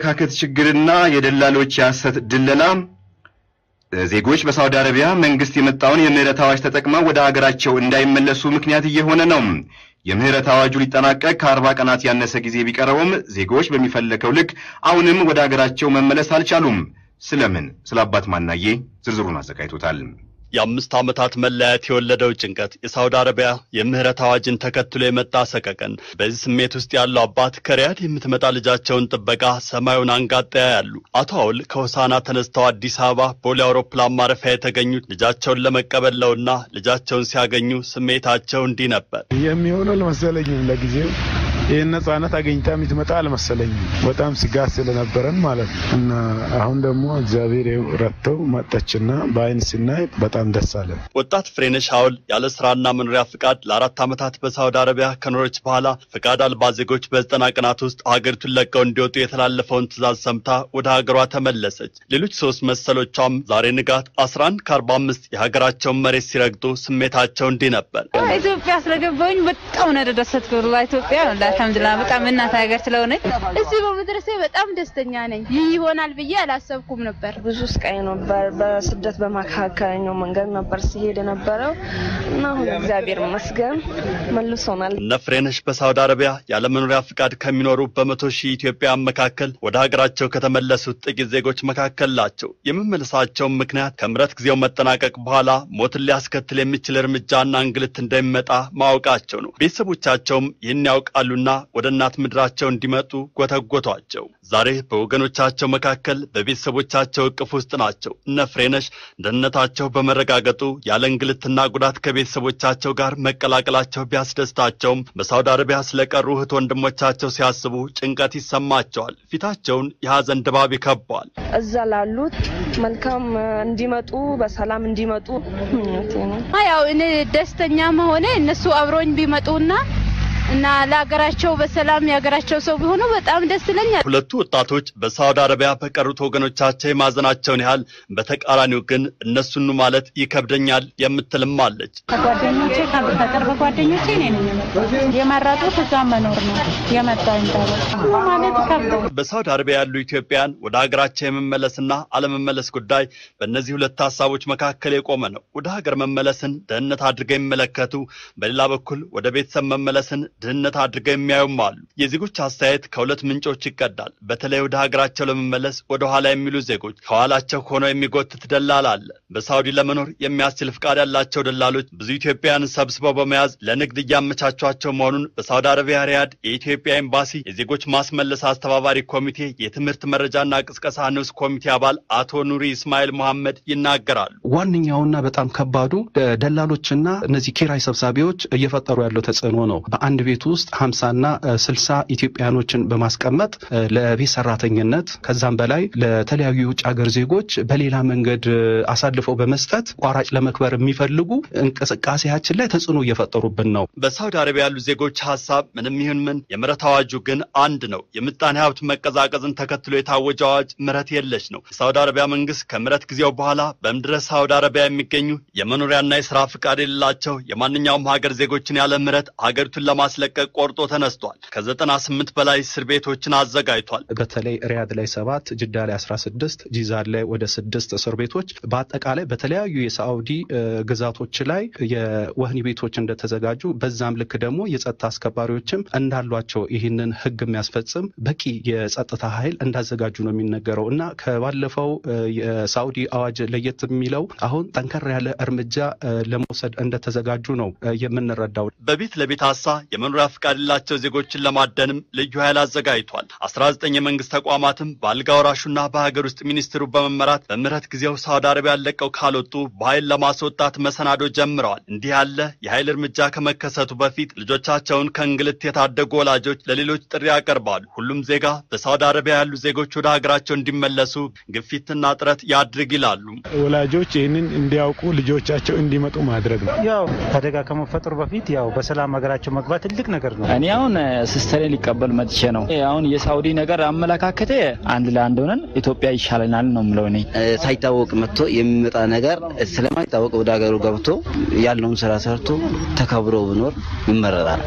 አመለካከት ችግርና የደላሎች የሐሰት ድለላ ዜጎች በሳውዲ አረቢያ መንግስት የመጣውን የምህረት አዋጅ ተጠቅመው ወደ አገራቸው እንዳይመለሱ ምክንያት እየሆነ ነው። የምህረት አዋጁ ሊጠናቀቅ ከአርባ ቀናት ያነሰ ጊዜ ቢቀረውም ዜጎች በሚፈለገው ልክ አሁንም ወደ አገራቸው መመለስ አልቻሉም። ስለምን? ስለ አባት ማናዬ ዝርዝሩን አዘጋጅቶታል። የአምስት ዓመታት መለያየት የወለደው ጭንቀት፣ የሳውዲ አረቢያ የምህረት አዋጅን ተከትሎ የመጣ ሰቀቀን። በዚህ ስሜት ውስጥ ያለው አባት ከሪያድ የምትመጣ ልጃቸውን ጥበቃ ሰማዩን አንጋጠያ ያሉ። አቶ አውል ከሆሳና ተነስተው አዲስ አበባ ቦሌ አውሮፕላን ማረፊያ የተገኙት ልጃቸውን ለመቀበል ነውና ልጃቸውን ሲያገኙ ስሜታቸው እንዲህ ነበር። የሚሆነው ለመሰለኝ ለጊዜው ይህን ነጻነት አገኝታ የምትመጣ አልመሰለኝም። በጣም ስጋት ስለነበረን ማለት ነው እና አሁን ደግሞ እግዚአብሔር ረድተው መጠችና በአይን ሲናይ በጣም ደስ አለ። ወጣት ፍሬነሽ ሀውል ያለ ስራና መኖሪያ ፍቃድ ለአራት ዓመታት በሳውዲ አረቢያ ከኖረች በኋላ ፍቃድ አልባ ዜጎች በዘጠና ቀናት ውስጥ ሀገሪቱን ለቀው እንዲወጡ የተላለፈውን ትዕዛዝ ሰምታ ወደ ሀገሯ ተመለሰች። ሌሎች ሶስት መሰሎቿም ዛሬ ንጋት 11 ከአርባ አምስት የሀገራቸውን መሬት ሲረግጡ ስሜታቸው እንዲህ ነበር። ኢትዮጵያ ስለገባኝ በጣም ነው ደሰት ኢትዮጵያ አልሐምዱላ በጣም እናት ሀገር ስለሆነች እዚህ በመድረሴ በጣም ደስተኛ ነኝ። ይህ ይሆናል ብዬ አላሰብኩም ነበር። ብዙ ስቃይ ነበር። በስደት በመካከለኛው መንገድ ነበር ሲሄድ የነበረው እና አሁን እግዚአብሔር ይመስገን መልሶናል። ነፍሬነሽ በሳውዲ አረቢያ ያለመኖሪያ ፍቃድ ከሚኖሩ በመቶ ሺህ ኢትዮጵያ መካከል ወደ ሀገራቸው ከተመለሱት ጥቂት ዜጎች መካከል ናቸው። የመመለሳቸውን ምክንያት ከምሕረት ጊዜው መጠናቀቅ በኋላ ሞትን ሊያስከትል የሚችል እርምጃና እንግልት እንደሚመጣ ማወቃቸው ነው። ቤተሰቦቻቸውም ይህን ያውቃሉና ወደሚኖሩና ወደ እናት ምድራቸው እንዲመጡ ጎተጎቷቸው። ዛሬ በወገኖቻቸው መካከል በቤተሰቦቻቸው እቅፍ ውስጥ ናቸው። እነ ፍሬነሽ ደህንነታቸው በመረጋገጡ ያለ እንግልትና ጉዳት ከቤተሰቦቻቸው ጋር መቀላቀላቸው ቢያስደስታቸውም በሳውዲ አረቢያ ስለቀሩ እህት ወንድሞቻቸው ሲያስቡ ጭንቀት ይሰማቸዋል። ፊታቸውን የሐዘን ድባብ ይከቧል። እዛ ላሉት መልካም እንዲመጡ በሰላም እንዲመጡ ያው እኔ ደስተኛ መሆኔ እነሱ አብሮኝ ቢመጡና እና ለሀገራቸው በሰላም የሀገራቸው ሰው ቢሆኑ በጣም ደስ ይለኛል። ሁለቱ ወጣቶች በሳውዲ አረቢያ በቀሩት ወገኖቻቸው የማዘናቸውን ያህል በተቃራኒው ግን እነሱኑ ማለት ይከብደኛል የምትልም አለች። ከጓደኞቼ ከቅርብ ጓደኞቼ የመረጡት እዛ መኖር ነው የመጣ ማለት በሳውዲ አረቢያ ያሉ ኢትዮጵያን ወደ ሀገራቸው የመመለስና አለመመለስ ጉዳይ በእነዚህ ሁለት ሀሳቦች መካከል የቆመ ነው። ወደ ሀገር መመለስን ደህንነት አድርገው የሚመለከቱ፣ በሌላ በኩል ወደ ቤተሰብ መመለስን ድህነት አድርገው የሚያዩም አሉ። የዜጎች አስተያየት ከሁለት ምንጮች ይቀዳል። በተለይ ወደ ሀገራቸው ለመመለስ ወደ ኋላ የሚሉ ዜጎች ከኋላቸው ሆነው የሚጎትት ደላል አለ። በሳውዲ ለመኖር የሚያስችል ፍቃድ ያላቸው ደላሎች ብዙ ኢትዮጵያውያንን ሰብስበው በመያዝ ለንግድ እያመቻቿቸው መሆኑን በሳውዲ አረቢያ ሪያድ የኢትዮጵያ ኤምባሲ የዜጎች ማስመለስ አስተባባሪ ኮሚቴ የትምህርት መረጃና ቅስቀሳ ንዑስ ኮሚቴ አባል አቶ ኑሪ እስማኤል መሐመድ ይናገራሉ። ዋነኛውና በጣም ከባዱ ደላሎችና እነዚህ ኪራይ ሰብሳቢዎች እየፈጠሩ ያለው ተጽዕኖ ነው። በአንድ ቤት ውስጥ ሀምሳና ስልሳ ኢትዮጵያኖችን በማስቀመጥ ለቤት ሰራተኝነት ከዛም በላይ ለተለያዩ የውጭ ሀገር ዜጎች በሌላ መንገድ አሳልፈው በመስጠት ቋራጭ ለመክበር የሚፈልጉ እንቅስቃሴያችን ላይ ተጽዕኖ እየፈጠሩብን ነው። በሳውዲ አረቢያ ያሉ ዜጎች ሀሳብ ምንም ይሁን ምን የምረት አዋጁ ግን አንድ ነው። የምጣኔ ሀብት መቀዛቀዝን ተከትሎ የታወጀ አዋጅ ምረት የለች ነው። የሳውዲ አረቢያ መንግስት ከምረት ጊዜው በኋላ በምድረ ሳውዲ አረቢያ የሚገኙ የመኖሪያና የስራ ፍቃድ የሌላቸው የማንኛውም ሀገር ዜጎችን ያለ ምረት ሀገሪቱን ለማስ ለማስለቀቅ ቆርጦ ተነስቷል። ከዘጠና ስምንት በላይ እስር ቤቶችን አዘጋጅቷል። በተለይ ሪያድ ላይ ሰባት፣ ጅዳ ላይ 16፣ ጂዛን ላይ ወደ ስድስት እስር ቤቶች በአጠቃላይ በተለያዩ የሳዑዲ ግዛቶች ላይ የወህኒ ቤቶች እንደተዘጋጁ በዛም ልክ ደግሞ የጸጥታ አስከባሪዎችም እንዳሏቸው ይህንን ህግ የሚያስፈጽም በቂ የጸጥታ ኃይል እንዳዘጋጁ ነው የሚነገረው እና ከባለፈው የሳዑዲ አዋጅ ለየት የሚለው አሁን ጠንከር ያለ እርምጃ ለመውሰድ እንደተዘጋጁ ነው የምንረዳው። በቤት ለቤት ሀሳ የመኖሪያ ፍቃድ ላቸው ዜጎችን ለማደንም ልዩ ኃይል አዘጋጅቷል። አስራ ዘጠኝ የመንግስት ተቋማትም በአልጋ ወራሹና በሀገር ውስጥ ሚኒስትሩ በመመራት በምህረት ጊዜው ሳውዲ አረቢያ ለቀው ካልወጡ በኃይል ለማስወጣት መሰናዶ ጀምረዋል። እንዲህ ያለ የኃይል እርምጃ ከመከሰቱ በፊት ልጆቻቸውን ከእንግልት የታደጉ ወላጆች ለሌሎች ጥሪ ያቀርባሉ። ሁሉም ዜጋ በሳውዲ አረቢያ ያሉ ዜጎች ወደ ሀገራቸው እንዲመለሱ ግፊትና ጥረት ያድርግ ይላሉ። ወላጆች ይህንን እንዲያውቁ ልጆቻቸው እንዲመጡ ማድረግ ነው። ያው አደጋ ከመፈጠሩ በፊት ያው በሰላም ሀገራቸው መግባት ትልቅ ነገር ነው። እኔ አሁን ሲስተሬን ሊቀበል መጥቼ ነው። አሁን የሳውዲ ነገር አመለካከቴ አንድ ለአንድ ሆነን ኢትዮጵያ ይሻለናል ነው የምለው። እኔ ሳይታወቅ መጥቶ የሚመጣ ነገር ስለማይታወቅ ወደ ሀገሩ ገብቶ ያለውን ስራ ሰርቶ ተከብሮ ብኖር ይመረጣል።